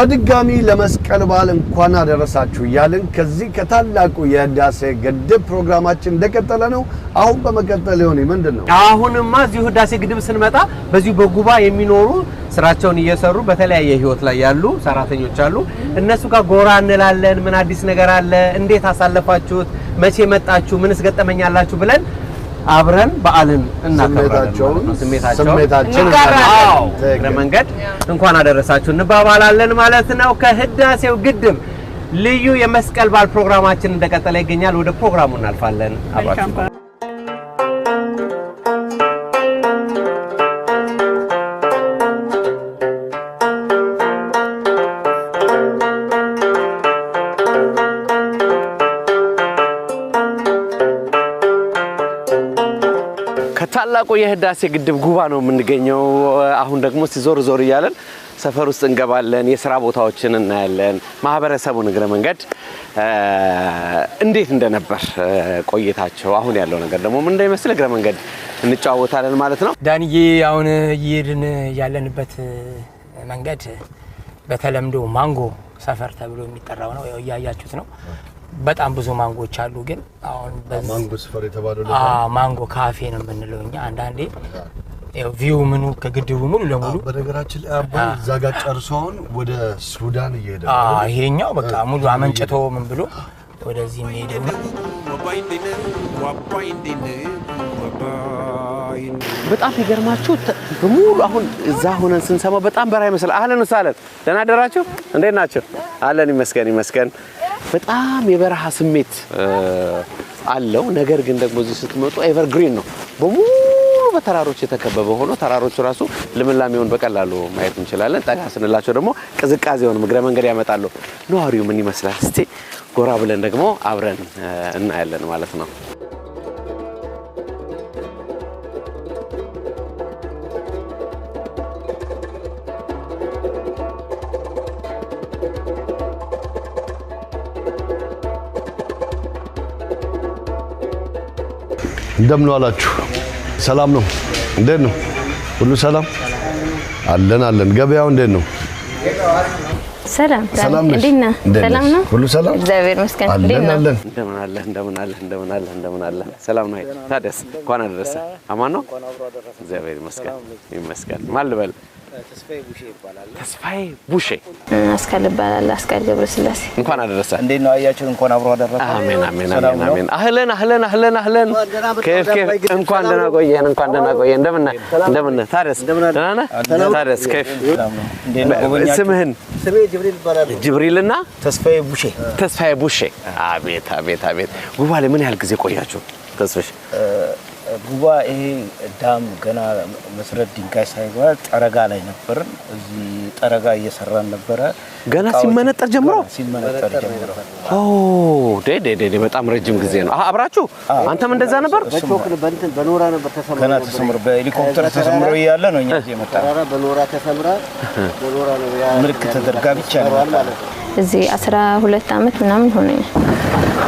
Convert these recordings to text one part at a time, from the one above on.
በድጋሚ ለመስቀል በዓል እንኳን አደረሳችሁ እያልን ከዚህ ከታላቁ የህዳሴ ግድብ ፕሮግራማችን እንደቀጠለ ነው። አሁን በመቀጠል ይሆን ምንድን ነው? አሁንማ እዚሁ ህዳሴ ግድብ ስንመጣ በዚሁ በጉባ የሚኖሩ ስራቸውን እየሰሩ በተለያየ ህይወት ላይ ያሉ ሰራተኞች አሉ። እነሱ ጋር ጎራ እንላለን። ምን አዲስ ነገር አለ? እንዴት አሳለፋችሁት? መቼ መጣችሁ? ምንስ ገጠመኛላችሁ? ብለን አብረን በዓልን እናከብራለን። ስሜታቸውን እግረ መንገድ እንኳን አደረሳችሁ እንባባላለን ማለት ነው። ከህዳሴው ግድብ ልዩ የመስቀል በዓል ፕሮግራማችን እንደቀጠለ ይገኛል። ወደ ፕሮግራሙ እናልፋለን። አብራችሁ ታላቁ የህዳሴ ግድብ ጉባ ነው የምንገኘው። አሁን ደግሞ ሲዞር ዞር እያለን ሰፈር ውስጥ እንገባለን፣ የስራ ቦታዎችን እናያለን። ማህበረሰቡን እግረ መንገድ እንዴት እንደነበር ቆይታቸው፣ አሁን ያለው ነገር ደግሞ ምን እንደሚመስል እግረ መንገድ እንጨዋወታለን ማለት ነው። ዳንዬ፣ አሁን እየሄድን ያለንበት መንገድ በተለምዶ ማንጎ ሰፈር ተብሎ የሚጠራው ነው። ያያችሁት ነው። በጣም ብዙ ማንጎች አሉ። ግን አሁን ማንጎ ስፈር የተባለው ማንጎ ካፌ ነው የምንለው እኛ። አንዳንዴ ቪው ምኑ ከግድቡ ሙሉ ለሙሉ በነገራችን ላይ አባይ እዛ ጋር ጨርሶ አሁን ወደ ሱዳን እየሄደ ይሄኛው በቃ ሙሉ አመንጭቶ ምን ብሎ ወደዚህ የሚሄደ ነው። በጣም ይገርማችሁ በሙሉ አሁን እዛ ሆነን ስንሰማ በጣም በረሃ ይመስላል። አህለን ሳለን ደህና አደራችሁ፣ እንዴት ናቸው? አለን ይመስገን ይመስገን በጣም የበረሃ ስሜት አለው። ነገር ግን ደግሞ እዚህ ስትመጡ ኤቨርግሪን ነው በሙሉ በተራሮች የተከበበ ሆኖ ተራሮቹ ራሱ ልምላሜውን በቀላሉ ማየት እንችላለን። ጠቃ ስንላቸው ደግሞ ቅዝቃዜውን እግረ መንገድ ያመጣሉ። ነዋሪው ምን ይመስላል? እስቲ ጎራ ብለን ደግሞ አብረን እናያለን ማለት ነው። እንደምን አላችሁ? ሰላም ነው? እንዴት ነው? ሁሉ ሰላም አለን አለን። ገበያው እንዴት ነው? ሰላም ሰላም ሰላም ነው? ሁሉ ሰላም እግዚአብሔር እንደምን አለህ? እንደምን እንደምን አለህ? እንደምን ሰላም ነው? አማን ነው? ይመስገን። ማን ልበል ተስፋዬ ቡሼ ይባላል። ተስፋዬ ቡሼ አስካል ይባላል። አስካል ገብረስላሴ እንኳን አደረሰ። እንዴት ነው አያችሁ? እንኳን አብሮ አደረሰ። አሜን አሜን አሜን አሜን። አህለን አህለን አህለን አህለን። ከፍ ከፍ። እንኳን ደህና ቆየን፣ እንኳን ደህና ቆየን። እንደምን እንደምን ታደስ፣ ደህና ነህ ታደስ? ከፍ ስምህን? ስሜ ጅብሪል ይባላል። ጅብሪልና ተስፋዬ ቡሼ። ተስፋዬ ቡሼ። አቤት አቤት አቤት። ጉባ ምን ያህል ጊዜ ቆያችሁ? ተስፍሽ ጉባ ይሄ ዳም ገና መሰረት ድንጋይ ሳይገባ ጠረጋ ላይ ነበርን። እዚህ ጠረጋ እየሰራን ነበረ። ገና ሲመነጠር ጀምሮ ሲመነጠር ጀምሮ በጣም ረጅም ጊዜ ነው። አብራችሁ አንተም እንደዛ ነበር? በኖራ ነበር ተሰምሮ ገና ተሰምሮ በሄሊኮፕተር ተሰምሮ እያለ ነው እኛ እዚህ የመጣ በኖራ ተሰምራ በኖራ ነው ምልክት ተደርጋ ብቻ ነው እዚህ 12 ዓመት ምናምን ሆነኛል።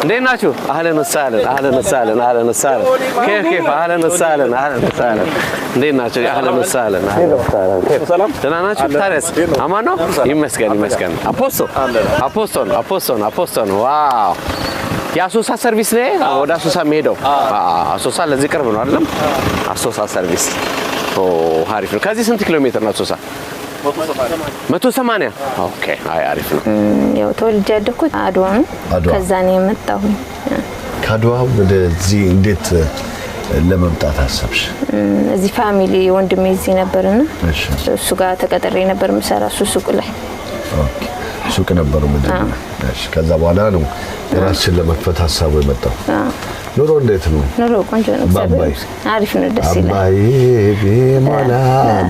እንዴት ናችሁ? አህለን ወሳለን አህለን ወሳለን አህለን ወሳለን ኬፍ ኬፍ አህለን ወሳለን አህለን ወሳለን እንዴት ናችሁ? አህለን ወሳለን አህለን ወሳለን ሰላም ደህና ናችሁ? ታዲያስ አማን ነው? ይመስገን ይመስገን። አፖስቶል አፖስቶል አፖስቶል አፖስቶል ዋው የአሶሳ ሰርቪስ ነው ወደ አሶሳ የሚሄደው። አሶሳ ለዚህ ቅርብ ነው አይደለም? አሶሳ ሰርቪስ ኦ አሪፍ ነው። ከዚህ ስንት ኪሎ ሜትር ነው አሶሳ? መቶ ሰማንያ ኦኬ። አይ አሪፍ ነው። ያው ተወልጄ ያደግኩት አድዋ ነው። ከዛ ነው የመጣሁ። ከአድዋ ወደዚህ እንዴት ለመምጣት አሰብሽ? እዚህ ፋሚሊ ወንድሜ እዚህ ነበርና እሱ ጋር ተቀጥሬ ነበር የምሰራ እሱ ሱቅ ላይ ሱቅ ነበሩ ምድ ከዛ በኋላ ነው የራስሽን ለመክፈት ሀሳቡ የመጣው። ኑሮ እንዴት ነው? ኑሮ ቆንጆ ነው፣ በአባይ አሪፍ ነው፣ ደስ ይላል። አባይ ቢሞላ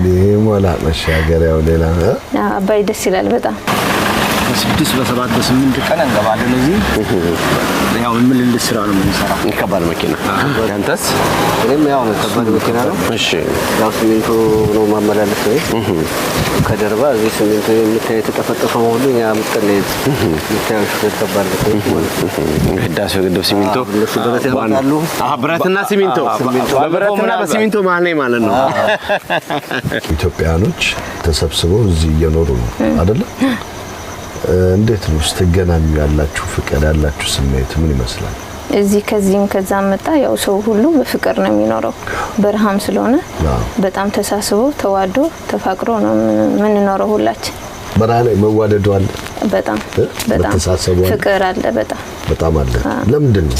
ቢሞላ መሻገሪያው ሌላ አባይ ደስ ይላል በጣም በስድስት በሰባት በስምንት ቀን እንገባለን እዚህ ያው ምልልስ ስራ ነው የምንሰራው። ከባድ መኪና ያንተስ? እኔም ያው ነው ከባድ መኪና ነው። እሺ ያው ሲሚንቶ ነው ማመላለስ ነው። ከደርባ እዚህ ሲሚንቶ የምታይ የተጠፈጠፈው ሁሉ ያ ምጥለይ ምታዩ ሹፌር ከባድ ነው። ህዳሴው ግድብ ሲሚንቶ ብረት ያመጣሉ። ብረትና ሲሚንቶ በብረትና በሲሚንቶ መሀል ላይ ማለት ነው። ኢትዮጵያኖች ተሰብስበው እዚህ እየኖሩ ነው አይደለም እንዴት ነው ስትገናኙ ያላችሁ ፍቅር ያላችሁ ስሜት ምን ይመስላል? እዚህ ከዚህም ከዛም መጣ። ያው ሰው ሁሉ በፍቅር ነው የሚኖረው። በረሃም ስለሆነ በጣም ተሳስቦ ተዋዶ ተፋቅሮ ነው የምንኖረው ሁላችን። በረሃ ላይ መዋደዱ አለ፣ በጣም በጣም ፍቅር አለ፣ በጣም በጣም አለ። ለምንድን ነው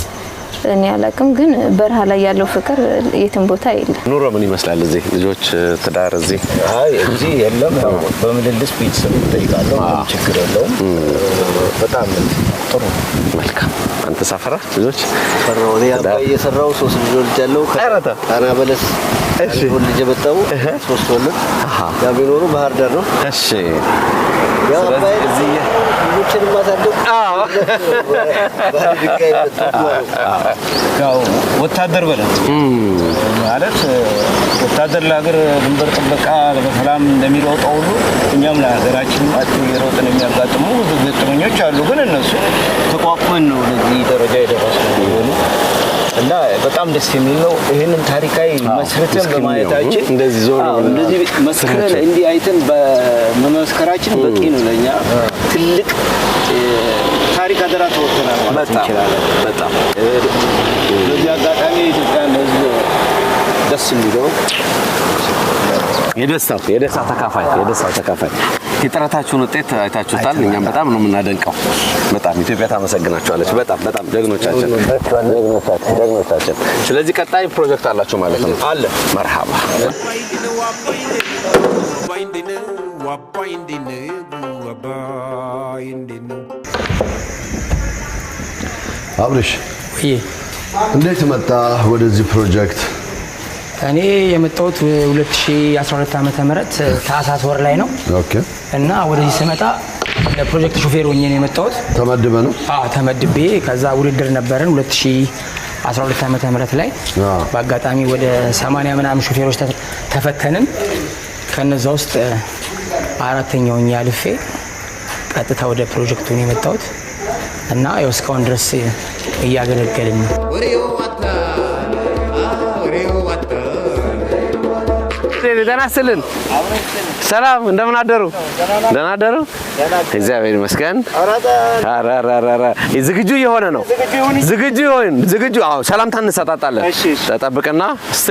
እኔ አላቅም፣ ግን በረሃ ላይ ያለው ፍቅር የትም ቦታ የለም። ኑሮ ምን ይመስላል? እዚህ ልጆች፣ ትዳር እዚህ አይ እዚህ የለም። በምልልስ ቤተሰብ ይጠይቃለሁ፣ ችግር የለውም። በጣም ጥሩ መልካም። አንተ ሳፈራ ልጆች ፈራው እኔ አባ እየሰራው ሶስት ልጆች ያለው ከአራታ ጣና በለስ እሺ፣ ልጅ የመጣው ሶስት ወንድ ያ ቢኖሩ ባህር ዳር ነው። እሺ ወታደር በለት ማለት ወታደር ለሀገር ድንበር ጥበቃ በሰላም እንደሚሮጠው ሁሉ እኛም ለሀገራችን አጥቶ የሮጥን የሚያጋጥሙ ብዙ ገጠመኞች አሉ። ግን እነሱ ተቋቁመን ነው ለዚህ ደረጃ ሆኑ እና በጣም ደስ የሚል ነው። ይህንን ታሪካዊ መስርተን በማየታችን እንደዚህ ዞር እንደዚህ መስክረን እንዲህ አይተን በመመስከራችን በቂ ነው ለኛ ትልቅ ታሪክ አደራ ተወጥተናል ማለት እንችላለን። በጣም በዚህ አጋጣሚ የኢትዮጵያን ሕዝብ ደስ የሚለው የደስታው የደስታ ተካፋይ የደስታ ተካፋይ የጥረታችሁን ውጤት አይታችሁታል። እኛም በጣም ነው የምናደንቀው። በጣም ኢትዮጵያ ታመሰግናችኋለች። በጣም በጣም ጀግኖቻችን ጀግኖቻችን። ስለዚህ ቀጣይ ፕሮጀክት አላችሁ ማለት ነው? አለ። መርሃባ አብርሽ እንዴት መጣ ወደዚህ ፕሮጀክት? እኔ የመጣሁት 2012 ዓ.ም ምህረት ታህሳስ ወር ላይ ነው። ኦኬ እና ወደዚህ ስመጣ ለፕሮጀክት ሹፌር ሆኜ ነው የመጣሁት። ተመድበ ነው? አዎ ተመድቤ። ከዛ ውድድር ነበረን 2012 ዓመተ ምህረት ላይ በአጋጣሚ ወደ 80 ምናምን ሹፌሮች ተፈተንን። ከነዛ ውስጥ አራተኛው ሆኜ አልፌ ቀጥታ ወደ ፕሮጀክቱ ነው የመጣሁት እና ያው እስካሁን ድረስ እያገለገልን ነው። ጤና ይስጥልን። ሰላም እንደምን አደሩ? ደህና አደሩ? እግዚአብሔር ይመስገን። ዝግጁ እየሆነ ነው። ዝግጁ ይሆን? ዝግጁ አዎ። ሰላምታ እንሰጣጣለን። ተጠብቅና እስቲ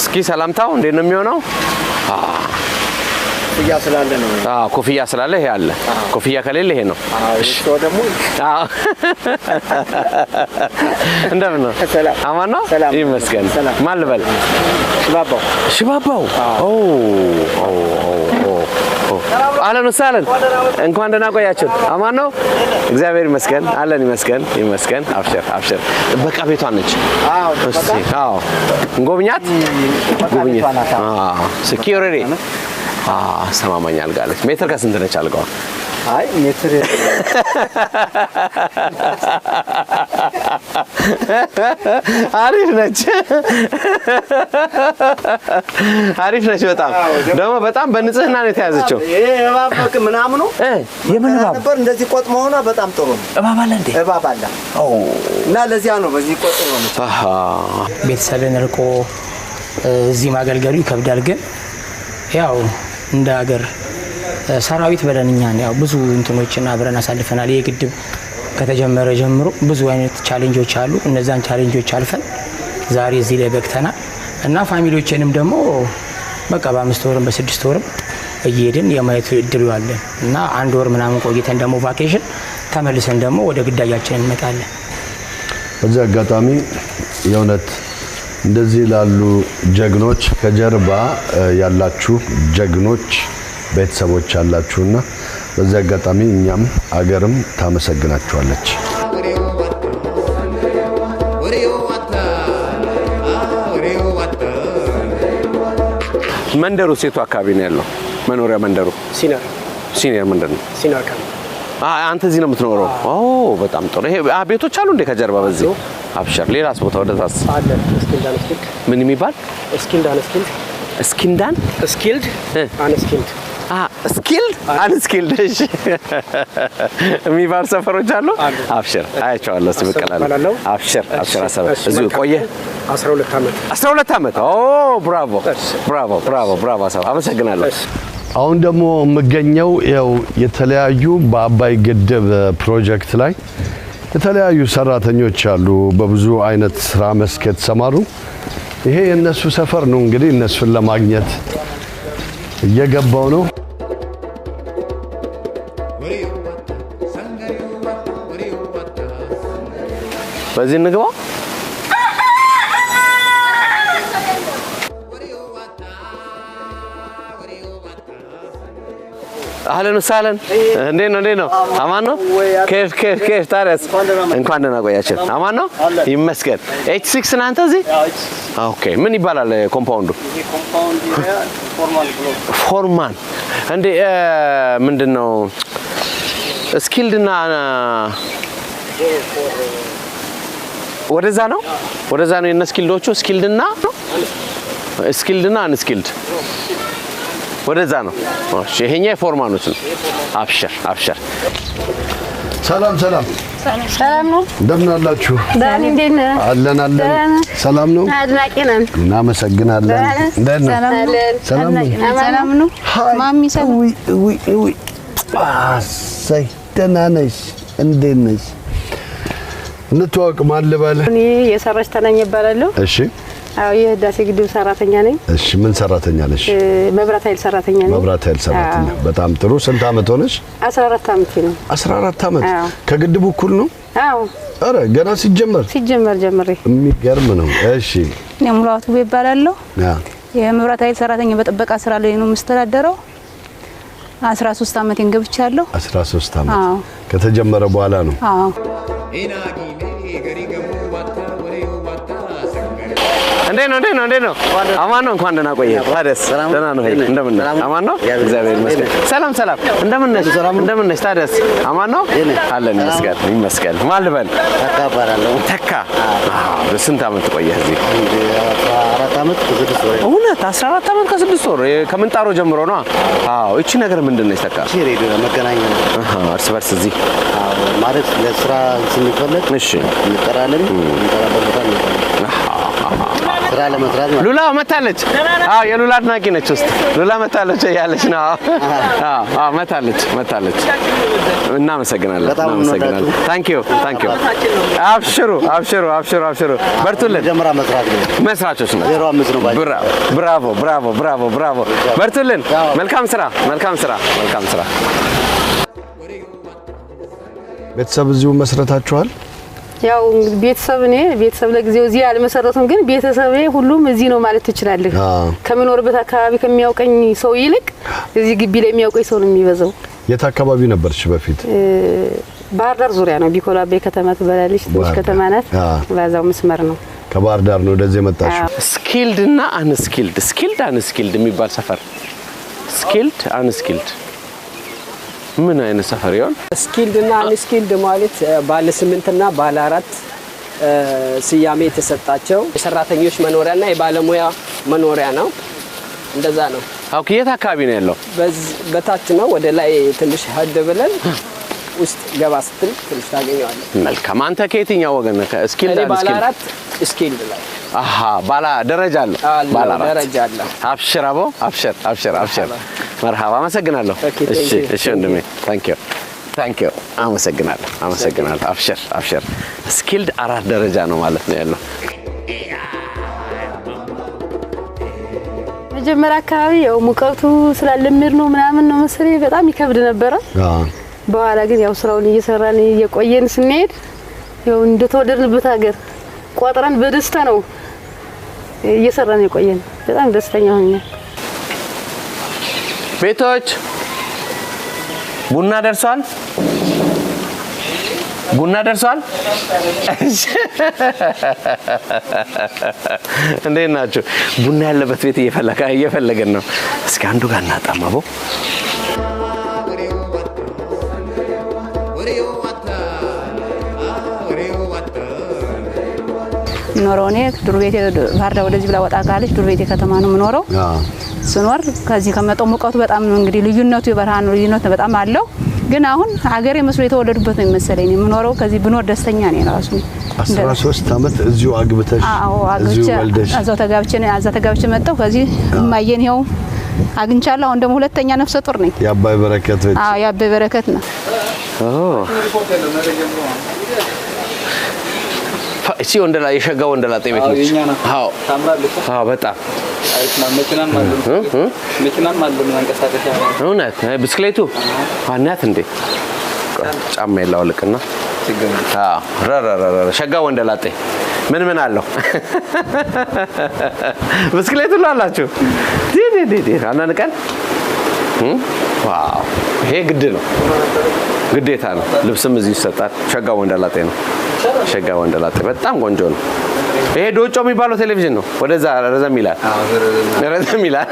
እስኪ ሰላምታው እንዴት ነው የሚሆነው? ኮፍያ ስላለ ነው። አዎ ኮፍያ ስላለ ይሄ አለ። ኮፍያ ከሌለ ይሄ ነው። እሺ ደግሞ አዎ እንደምን ነው? ሰላም አማን ነው? ይመስገን። ማን ልበል? ሽባባው ሽባባው። ኦ ኦ ኦ አለን ውሳለን እንኳን ደህና ቆያችሁ። አማን ነው? እግዚአብሔር ይመስገን አለን። ይመስገን ይመስገን። አብሽር አብሽር። በቃ ቤቷ ነች። አዎ እሺ። አዎ እንጎብኛት። ጉብኝት አዎ ሴኪሪቲ ሰማማኝ አልጋ አለች። ሜትር ከስንት ነች አልጋዋ? አይ ሜትር አሪፍ ነች፣ አሪፍ ነች። በጣም ደግሞ በጣም በንጽህና ነው የተያዘችው። እባብ ምናምኑ የምን እባብ ነበር? እንደዚህ ቆጥ መሆኗ በጣም ጥሩ ነው። እባብ አለ እንዴ? እባብ አለ እና ለዚያ ነው በዚህ ቆጥ ሆነች። ቤተሰብን እርቆ እዚህ ማገልገሉ ይከብዳል ግን ያው እንደ ሀገር ሰራዊት በለንኛን ያው ብዙ እንትኖችን አብረን አሳልፈናል። ይህ ግድብ ከተጀመረ ጀምሮ ብዙ አይነት ቻሌንጆች አሉ። እነዛን ቻሌንጆች አልፈን ዛሬ እዚህ ላይ በቅተናል እና ፋሚሊዎችንም ደግሞ በቃ በአምስት ወርም በስድስት ወርም እየሄድን የማየት እድሉ አለን እና አንድ ወር ምናምን ቆይተን ደግሞ ቫኬሽን ተመልሰን ደግሞ ወደ ግዳያችን እንመጣለን። በዚህ አጋጣሚ የእውነት እንደዚህ ላሉ ጀግኖች ከጀርባ ያላችሁ ጀግኖች ቤተሰቦች አላችሁና በዚህ አጋጣሚ እኛም አገርም ታመሰግናችኋለች። መንደሩ ሴቱ አካባቢ ነው ያለው መኖሪያ መንደሩ ሲነር ሲኒየር መንደር ነው ሲነር አንተ እዚህ ነው የምትኖረው? ኦ በጣም ጥሩ። ይሄ ቤቶች አሉ እንዴ ከጀርባ? በዚህ አብሽር። ሌላስ ቦታ ወደዛስ አለ? እስኪንዳን ስኪልድ ምን የሚባል እስኪንዳን ስኪልድ እስኪንዳን ስኪልድ አን ስኪልድ ስኪልድ አን ስኪልድ እሺ፣ የሚባል ሰፈሮች አሉ። አብሽር፣ አያቸዋለሁ። እስኪ ብቅ እላለሁ። አብሽር አብሽር። አሰበ እዚሁ ቆየ 12 ዓመት 12 ዓመት። ኦ ብራቮ ብራቮ ብራቮ ብራቮ። አሰበ አመሰግናለሁ። አሁን ደግሞ የምገኘው ያው የተለያዩ በአባይ ግድብ ፕሮጀክት ላይ የተለያዩ ሰራተኞች አሉ፣ በብዙ አይነት ስራ መስክ የተሰማሩ። ይሄ የእነሱ ሰፈር ነው። እንግዲህ እነሱን ለማግኘት እየገባው ነው። በዚህ እንግባ። አህለን ሳለን እንዴት ነው? እንዴት ነው? አማን ነው? ከፍ ከፍ ከፍ ታረስ እንኳን ደህና ቆያችን። አማን ነው ይመስገን። ኤች ሲክስ እናንተ እዚህ ኦኬ። ምን ይባላል ኮምፓውንዱ? ፎርማን እንዴ ምንድን ነው እና ወደዛ ነው ወደዛ ነው የነ ስኪልዶቹ ስኪልድ እና አንስኪልድ ወደዛ ነው። እሺ፣ ይሄኛ የፎርማኖት ነው። አብሽር አብሽር። ሰላም ሰላም ሰላም ነው። እንደምን አላችሁ? አለን አለን። ሰላም ነው። አድናቂ ነን። እናመሰግናለን። እንደምን ሰላም ነው። ሰላም ነው። ማሚ ሰላም። ዊ ዊ ዊ ደህና ነሽ? እንዴት ነሽ? እንተዋወቅ። ማን ልበልህ? እኔ የሰራች ተነኝ እባላለሁ። እሺ አዎ የህዳሴ ግድብ ሰራተኛ ነኝ። እሺ ምን ሰራተኛ ነሽ? መብራት ኃይል ሰራተኛ ነኝ። መብራት ኃይል ሰራተኛ። በጣም ጥሩ። ስንት አመት ሆነሽ? 14 አመት ነው። 14 አመት ከግድቡ እኩል ነው? አዎ። አረ ገና ሲጀመር ሲጀመር ጀምሬ። የሚገርም ነው። እሺ እኔ ሙላቱ እባላለሁ። የመብራት ኃይል ሰራተኛ በጥበቃ ስራ ላይ ነው የምስተዳደረው። 13 አመቴን ገብቻለሁ። 13 አመት ከተጀመረ በኋላ ነው። አዎ እንዴት ነው? እንዴት ነው? እንዴት ነው? አማን ነው? እንኳን ደህና ቆየህ። ታዲያስ ደህና ነው? እንደምን ነህ? አማን ነው? እግዚአብሔር ይመስገን። ሰላም ሰላም፣ እንደምን ነሽ? እንደምን ነሽ? ታዲያስ አማን ነው? አለን ይመስገን፣ ይመስገን። ማን ልበል? ተካ እባላለሁ። ተካ በስንት ዓመት ቆየህ እዚህ? እውነት 14 ዓመት ከስድስት ወር ከምንጣሮ ጀምሮ ነው። አዎ እቺ ነገር ምንድን ነች ተካ? እሺ ሬዲዮ መገናኛ ነው። እርስ በርስ እዚህ ማለት ለስራ ስንፈለግ እሺ እንጠራለን። እንጠራበት ቦታ ስራ ለመስራት ነው። ሉላ መታለች። አዎ የሉላ አድናቂ ነች። ውስጥ ሉላ መታለች እያለች ነው። አዎ መታለች፣ መታለች። እናመሰግናለን፣ እናመሰግናለን። ታንክ ዩ ታንክ ዩ። አብሽሩ፣ አብሽሩ፣ አብሽሩ፣ አብሽሩ። በርቱልን። ጀምራ መስራት ነው። መስራቾች ነው። ዜሮ አምስት ነው። ብራቮ፣ ብራቮ፣ ብራቮ፣ ብራቮ። በርቱልን። መልካም ስራ፣ መልካም ስራ፣ መልካም ስራ። ቤተሰብ እዚሁ መስረታችኋል? ያው ቤተሰብ እኔ ቤተሰብ ለጊዜው እዚህ አልመሰረቱም፣ ግን ቤተሰብ ሁሉም እዚህ ነው ማለት ትችላለህ። ከምኖርበት አካባቢ ከሚያውቀኝ ሰው ይልቅ እዚህ ግቢ ላይ የሚያውቀኝ ሰው ነው የሚበዛው። የት አካባቢ ነበርሽ በፊት? ባህር ዳር ዙሪያ ነው። ቢኮላ ቤ ከተማ ትበላለች፣ ትንሽ ከተማ ናት። በዛው መስመር ነው። ከባህር ዳር ነው ወደዚህ የመጣሽው። ስኪልድ እና አንስኪልድ፣ ስኪልድ አንስኪልድ የሚባል ሰፈር፣ ስኪልድ አንስኪልድ ምን አይነት ሰፈር ይሆን? ስኪልድ እና አንስኪልድ ማለት ባለ ስምንት እና ባለ አራት ስያሜ የተሰጣቸው የሰራተኞች መኖሪያ እና የባለሙያ መኖሪያ ነው። እንደዛ ነው። አውክ የት አካባቢ ነው ያለው? በታች ነው። ወደ ላይ ትንሽ ሄድ ብለን ውስጥ ገባ ስትል ትንሽ ታገኘዋለህ። መልካም። አንተ ከየትኛው ወገን ነህ? እስኪልድ ባለ አራት ስኪልድ ላይ አሃ ባላ ደረጃ አለ ባላ ደረጃ አለ። አብሽር አቦ አብሽር አብሽር አብሽር መርሃባ። አመሰግናለሁ። እሺ፣ እሺ ወንድሜ ዩ ታንክ ዩ አመሰግናለሁ፣ አመሰግናለሁ። አፍሽር አፍሽር። ስኪልድ አራት ደረጃ ነው ማለት ነው ያለው። መጀመሪያ አካባቢ ያው ሙቀቱ ስላለምድ ነው ምናምን ነው መሰለኝ በጣም ይከብድ ነበረ። በኋላ ግን ያው ስራውን እየሰራን እየቆየን ስንሄድ ያው እንደተወደድንበት ሀገር ቆጥረን በደስታ ነው እየሰራን የቆየን። በጣም ደስተኛ ሆኛል። ቤቶች ቡና ደርሷል። ቡና ደርሷል። እንዴት ናችሁ? ቡና ያለበት ቤት እየፈለገን ነው። እስኪ አንዱ ጋር እናጣማቦ ኖረው እኔ ዱር ቤቴ ባህር ዳር ወደዚህ ብላ ወጣ ካለች ዱር ቤቴ ከተማ ነው የምኖረው። ስኖር ከዚህ ከመጣው ሙቀቱ በጣም ነው እንግዲህ ልዩነቱ የበረሃን ልዩነት በጣም አለው። ግን አሁን ሀገሬ መስሎ የተወለዱበት ነው የመሰለኝ። የምኖረው ከዚህ ብኖር ደስተኛ ነኝ። ራሱ 13 አመት እዚሁ አግብተሽ? አዎ አግብቼ እዛው ተጋብቼ እዛ ተጋብቼ መጣሁ። ከዚህ እማየን ይኸው አግኝቻለሁ። አሁን ደግሞ ሁለተኛ ነፍሰ ጡር ነኝ። የአባይ በረከት። አዎ የአባይ በረከት ነው። እሺ ወንደላ የሸጋ ወንደላ ጠቤት ነች። አዎ አዎ፣ በጣም እውነት ብስክሌቱ ናት እንዴ? ጫማ የላውልቅና ሸጋ ወንደላጤ ምን ምን አለው? ብስክሌት ሁሉ አላችሁ። አንዳንድ ቀን ይሄ ግድ ነው። ግዴታ ነው። ልብስም እዚህ ይሰጣል። ሸጋ ወንደላጤ ነው። ሸጋ ወንደላጤ በጣም ቆንጆ ነው። ይሄ ዶጮ የሚባለው ቴሌቪዥን ነው። ወደዛ ረዘም ይላል፣ ረዘም ይላል።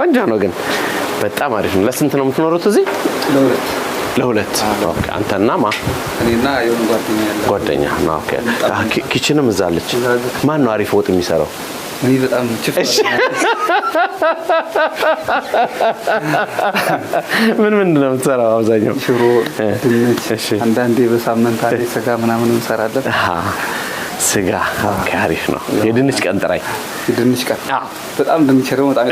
ቆንጆ ነው ግን በጣም አሪፍ ነው። ለስንት ነው የምትኖሩት እዚህ? ለሁለት አንተና ማ ጓደኛ ኪችንም እዛለች። ማን ነው አሪፍ ወጥ የሚሰራው? እኔ በጣም ምን ምንድን ነው የምትሰራው? አብዛኛው ሽሮ፣ ድንች፣ አንዳንዴ በሳምንት አንዴ ስጋ ምናምን እንሰራለን። ስጋ አሪፍ ነው። የድንች ቀንጥራይ የድንች ቀን በጣም ድንች ደግሞ በጣም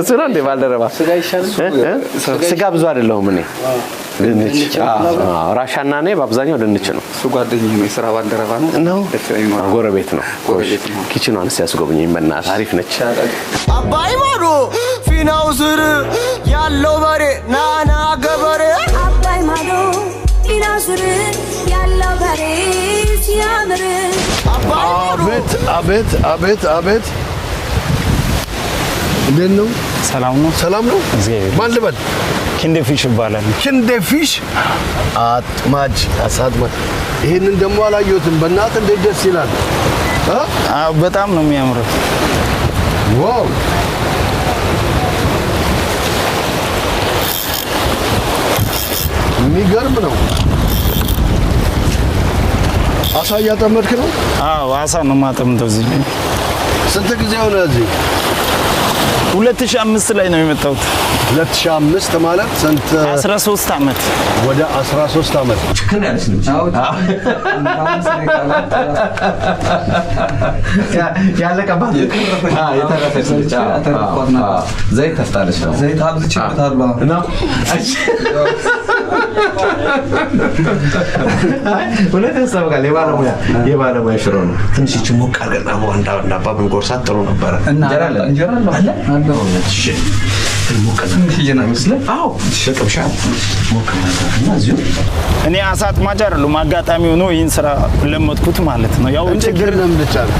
እሱ ነው እንዴ ባልደረባ? ስጋ ብዙ አይደለሁም እኔ ድንች ራሻና እኔ በአብዛኛው ድንች ነው። እሱ ጓደኛዬ ነው፣ የስራ ባልደረባ ነው፣ ጎረቤት ነው። አሪፍ ነች። አባይ ማዶ ፊናው ስር ያለው በሬ ናና ገበሬ አባይ ማዶ ይናዝር ያለው መሬት ያምር። አቤት አቤት አቤት አቤት! እንዴት ነው? ሰላም ነው? ሰላም ነው። ማን ልበል? ኪንዴ ፊሽ ይባላል። ኪንዴ ፊሽ አጥማጅ፣ አሳ ይሄንን ይህንን ደግሞ አላየሁትም። በእናትህ እንዴት ደስ ይላል! በጣም ነው የሚያምረው። ዋው የሚገርም ነው። አሳ እያጠመድክ ነው? አዎ አሳ ነው ማጠምደው። እዚህ ስንት ጊዜ ሆነ እዚህ 2005 ላይ ነው የመጣሁት። 2005 ማለት ስንት? 13 አመት። ወደ 13 አመት ያለቀባት የተረፈች ዘይት ተፍታለች ነው ዘይት ነው የባለሙያ ሽሮ ነው። ትንሽ አበላሁ አለ እሺ እኔ አይደለሁም። አጋጣሚ ሆኖ ይህን ስራ ለመጥኩት ማለት ነው። ያው ችግር ለምድቻለሁ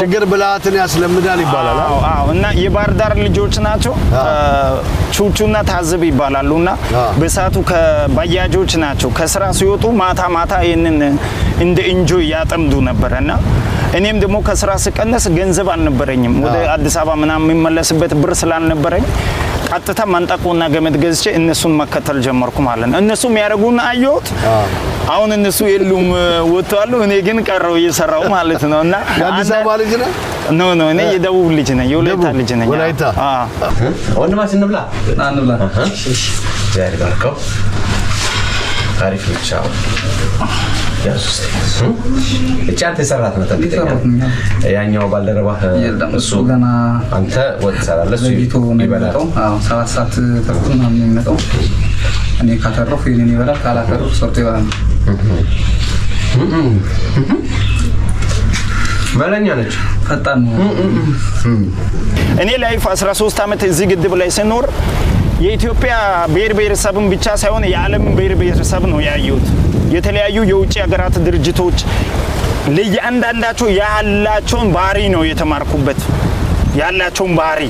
ችግር ብልሃትን ያስለምዳል ይባላል። አዎ እና የባህር ዳር ልጆች ናቸው። ቹቹና ታዝብ ይባላሉ እና በሰዓቱ ከባያጆች ናቸው። ከስራ ሲወጡ ማታ ማታ ይህንን እንደ ኢንጆይ ያጠምዱ ነበር እና እኔም ደግሞ ከስራ ስቀነስ ገንዘብ አልነበረኝም ወደ አዲስ አበባ ምናምን የሚመለስበት ብር ስላልነበረኝ ቀጥታ መንጠቁና ገመድ ገዝቼ እነሱን መከተል ጀመርኩ ማለት ነው። እነሱ የሚያደርጉና አየሁት። አሁን እነሱ የሉም ወጥተዋል። እኔ ግን ቀረው እየሰራው ማለት ነው። እና አዲስ አበባ ልጅ ነህ? ኖ ኖ፣ እኔ የደቡብ ልጅ ነኝ፣ የወላይታ ልጅ ነኝ። ወላይታ። አዎ፣ ወንድማችን እንብላ፣ እንብላ። እሺ፣ ዛሬ ባርከው አሪፍ ብቻ እቺ አንተ የሰራት ነው ተንግጠኛ ያኛው ባልደረባ እሱ ገና አንተ ወጥ ትሰራለህ፣ እሱ ይበላል። ሰባት ሰዓት ተኩል ምናምን የሚመጣው። እኔ ካተረፉ ይበላል፣ ካላተረፉ ሰርቶ ይበላል። በለኛ ነች፣ ፈጣን ነው። እኔ ላይፍ እዚህ ግድብ ላይ ስኖር የኢትዮጵያ ብሔር ብሔረሰብን ብቻ ሳይሆን የዓለም ብሔር ብሔረሰብ ነው ያዩት የተለያዩ የውጭ ሀገራት ድርጅቶች ለእያንዳንዳቸው ያላቸውን ባህሪ ነው የተማርኩበት። ያላቸውን ባህሪ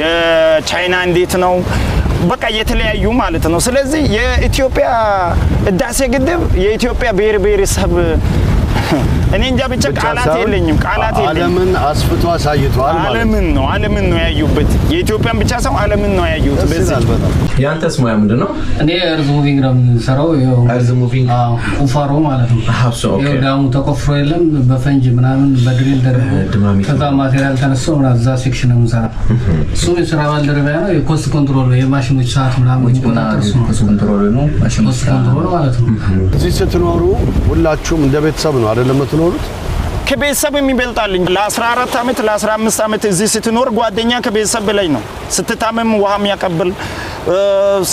የቻይና እንዴት ነው በቃ የተለያዩ ማለት ነው። ስለዚህ የኢትዮጵያ ህዳሴ ግድብ የኢትዮጵያ ብሔር ብሔረሰብ እኔ እንጃ ብቻ ቃላት የለኝም፣ ቃላት የለኝም። ዓለምን አስፍቶ አሳይቷል። ዓለምን ነው ዓለምን ነው ያዩበት። የኢትዮጵያን ብቻ ሰው ዓለምን ነው ያዩት። በዚህ ያንተስ ሙያ ምንድን ነው? እኔ እርዝ ሙቪንግ ነው የምንሰራው። እርዝ ሙቪንግ ቁፋሮ ማለት ነው። ዳሙ ተቆፍሮ የለም በፈንጅ ምናምን በድሪል ደርጎ ከዛ ማቴሪያል ተነሶ ምናምን እዛ ሴክሽን ነው የምንሰራ። እሱም የስራ ባልደረቢያ ነው። የኮስት ኮንትሮል የማሽኖች ሰዓት ምናምን የሚቆጣጠር እሱ ነው። ኮስት ኮንትሮል ማለት ነው። እዚህ ስትኖሩ ሁላችሁም እንደ ቤተሰብ ነው ነው አይደለም የምትኖሩት? ከቤተሰብ የሚበልጣልኝ ለ14 ዓመት ለ15 ዓመት እዚህ ስትኖር ጓደኛ ከቤተሰብ በላይ ነው። ስትታመም ውሃ የሚያቀብል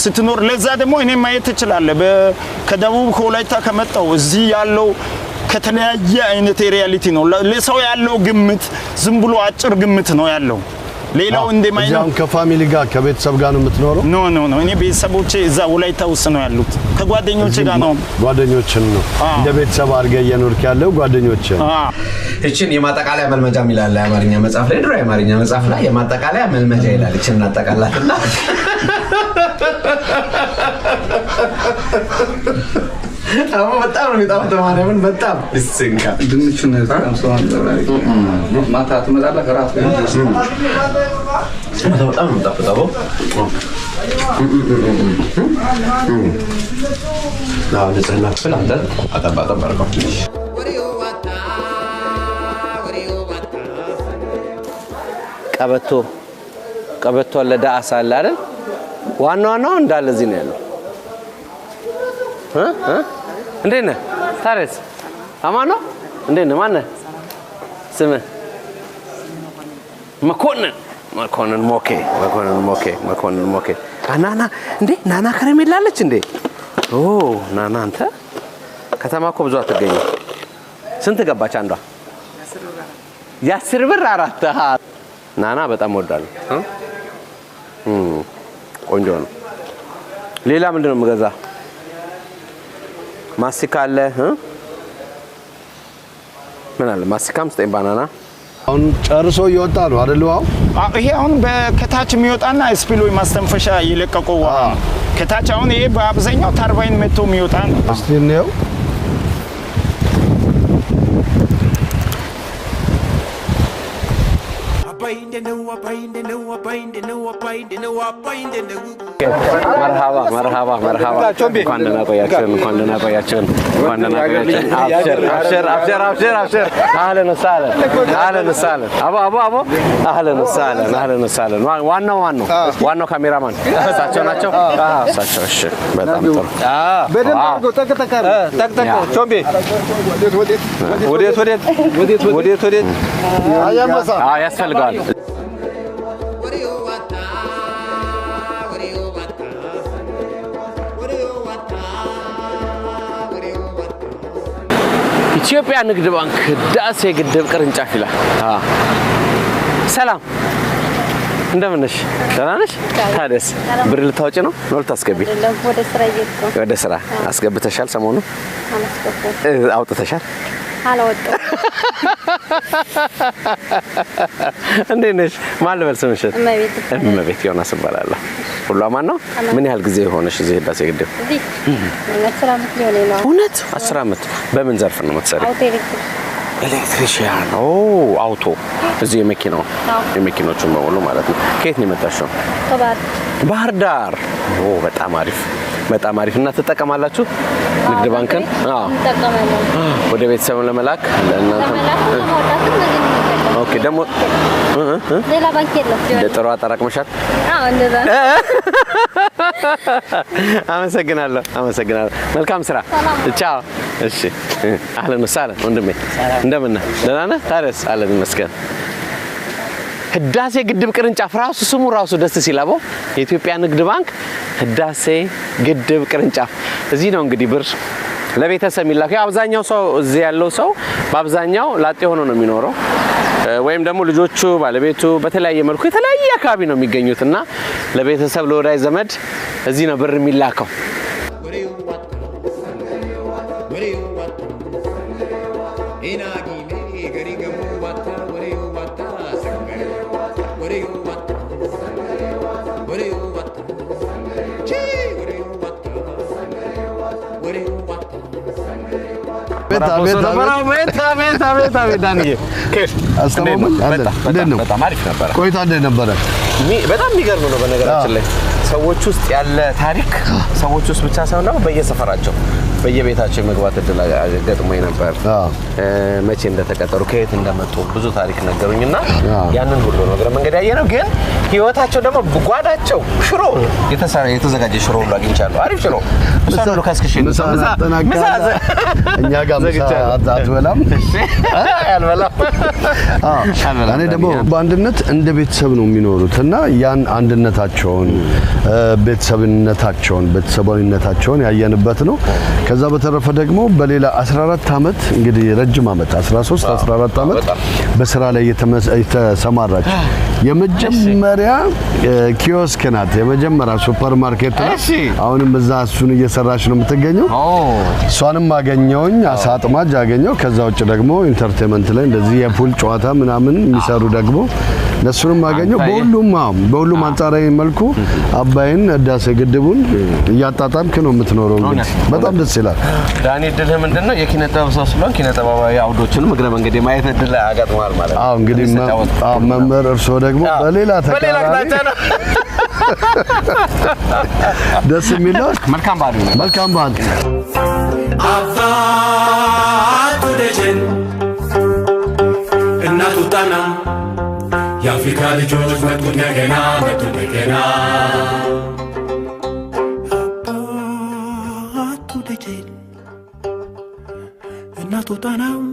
ስትኖር፣ ለዛ ደግሞ እኔ ማየት ትችላለህ። ከደቡብ ከወላይታ ከመጣው እዚህ ያለው ከተለያየ አይነት ሪያሊቲ ነው። ለሰው ያለው ግምት ዝም ብሎ አጭር ግምት ነው ያለው። ሌላው እንደ ማይነው ከፋሚሊ ጋር ከቤተሰብ ጋር ነው የምትኖረው? ኖ ኖ ኖ፣ እኔ ቤተሰቦቼ እዛ ወላይታ ውስጥ ነው ያሉት። ከጓደኞች ጋር ነው። ጓደኞችን ነው እንደ ቤተሰብ አድርገህ እየኖርክ ያለው ጓደኞችን። እችን የማጠቃለያ መልመጃ ይላል የአማርኛ መጽሐፍ ላይ ድሮ የአማርኛ መጽሐፍ ላይ የማጠቃለያ መልመጃ ይላል። እችን እናጠቃላትና አሁን በጣም ነው የሚጣፍጠው። ማርያምን በጣም እስንካ ድንቹን ማታ ትመጣለህ እራት ማታ በጣም ነው የሚጣፍጠው። ንጽህና ክፍል አንተ አጠባ አጠባ አድርገው ቀበቶ ቀበቶ አለ፣ ዳአሳ አለ አይደል? ዋና ዋናው እንዳለ እዚህ ነው ያለው። እንዴት ነህ? ታዲያስ አማን ነው? እንዴት ነህ? ማነህ? ስምህ? መኮንን መኮንን ሞኬ መኮንን ሞኬ መኮንን ሞኬ ናና እንዴ ናና ከረሜላ አለች እንዴ? ኦ ናና አንተ ከተማ እኮ ብዙ አትገኝ። ስንት ገባች አንዷ? የአስር ብር አራት ናና በጣም ወዳለሁ። ቆንጆ ነው። ሌላ ምንድን ነው የምገዛ? ማስቲካ አለ ምን አለ? ማስቲካም ስጠኝ፣ ባናና አሁን ጨርሶ እየወጣ ነው አይደል? ውሃው ይሄ አሁን ከታች የሚወጣና ስፒል ማስተንፈሻ የለቀቀው ውሃ ከታች አሁን ይሄ በአብዛኛው ታርባይን መጥቶ የሚወጣ ነው። እስቲ እንየው። አባይ መርሃባ መርሃባ ዋናው ዋናው ዋናው ካሜራማን እሳቸው ናቸው። እሳቸው እሺ፣ በጣም ጥሩ። ወዴት ወዴት ወዴት ወዴት ያስፈልገዋል። ኢትዮጵያ ንግድ ባንክ ዳሴ ግድብ ቅርንጫፍ ይላል። ሰላም እንደምን ነሽ? ደህና ነሽ? ታዲያስ ብር ልታወጪ ነው ነው ልታስገቢ? ወደ ስራ አስገብተሻል? ሰሞኑን አውጥተሻል? አላወጣው። እንዴት ነሽ? ማን ልበል ስምሽን? እመቤት ዮናስ እባላለሁ። ሁሉ አማን ነው? ምን ያህል ጊዜ ሆነሽ እዚህ ህዳሴ ግድብ? እውነት አስር ዓመት። በምን ዘርፍ ነው የምትሰሪው? ኤሌክትሪሽያን። ኦ አውቶ እዚህ የመኪናው የመኪኖቹን በሙሉ ማለት ነው። ከየት ነው የመጣሽው? ባህር ዳር። በጣም አሪፍ በጣም አሪፍ እና ትጠቀማላችሁ ንግድ ባንክን? አዎ ወደ ቤተሰብ ለመላክ ለእናንተ ኦኬ። ደግሞ ሌላ ባንክ የለም። ጥሩ አጠራቅመሻል። አመሰግናለሁ፣ አመሰግናለሁ። መልካም ስራ። ቻው። እሺ፣ አለን ወሳለን ወንድሜ፣ እንደምን ደህና ነህ? ታዲያስ? አለን ይመስገን። ህዳሴ ግድብ ቅርንጫፍ ራሱ ስሙ ራሱ ደስ ሲላበው የኢትዮጵያ ንግድ ባንክ ህዳሴ ግድብ ቅርንጫፍ እዚህ ነው እንግዲህ ብር ለቤተሰብ የሚላከው። አብዛኛው ሰው እዚህ ያለው ሰው በአብዛኛው ላጤ ሆኖ ነው የሚኖረው ወይም ደግሞ ልጆቹ ባለቤቱ በተለያየ መልኩ የተለያየ አካባቢ ነው የሚገኙት እና ለቤተሰብ ለወዳጅ ዘመድ እዚህ ነው ብር የሚላከው። beta, beta, beta, beta, beta, beta ንዬ አስተማመን አለን። ደን ነው ቆይታ እንዴት ነበረ? በጣም የሚገርም ነው በነገራችን ላይ ሰዎች ውስጥ ያለ ታሪክ ሰዎች ውስጥ ብቻ ሳይሆን ደግሞ በየሰፈራቸው በየቤታቸው የመግባት እድል ገጥሞ ነበር። መቼ እንደተቀጠሩ ከየት እንደመጡ ብዙ ታሪክ ነገሩኝ እና ያንን ሁሉ ነው እግረ መንገድ ያየ ነው። ግን ህይወታቸው ደግሞ ጓዳቸው ሽሮ የተዘጋጀ ሽሮ ሁሉ አግኝቻለሁ። አሪፍ ሽሮ ምሳሉ ከስክሽ እኛ ጋር አትበላም አልበላም። እኔ ደግሞ በአንድነት እንደ ቤተሰብ ነው የሚኖሩት እና ያን አንድነታቸውን ቤተሰብነታቸውን ቤተሰባዊነታቸውን ያየንበት ነው። ከዛ በተረፈ ደግሞ በሌላ 14 ዓመት እንግዲህ ረጅም ዓመት 13 14 ዓመት በስራ ላይ የተሰማራች የመጀመሪያ ኪዮስክ ናት። የመጀመሪያ ሱፐር ማርኬት ናት። አሁንም እዛ እሱን እየሰራች ነው የምትገኘው። እሷንም አገኘውኝ አሳ አጥማጅ አገኘው። ከዛ ውጭ ደግሞ ኢንተርቴንመንት ላይ እንደዚህ የፑል ጨዋታ ምናምን የሚሰሩ ደግሞ እነሱንም አገኘው። በሁሉም በሁሉም አንጻራዊ መልኩ አባይን ህዳሴ ግድቡን እያጣጣምክ ነው የምትኖረው። በጣም ደስ ይላል። ዳኒ እድልህ ምንድን ነው? የኪነ ጥበብ ሰው ስለሆን ኪነ ጥበባዊ አውዶችንም እግረ መንገድ ማየት እድል አጋጥሟል ማለት ነው። እንግዲህ መምህር እርስዎ ደግሞ በሌላ ተቃራኒ ደስ የሚለው ነው። መልካም በዓል መልካም በዓል አባቱ ደጀን እናቱ ጣና የአፍሪካ ልጆች መጡ እንደገና መጡ እንደገና እናት ወጣናም